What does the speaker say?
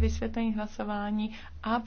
vysvětlení hlasování a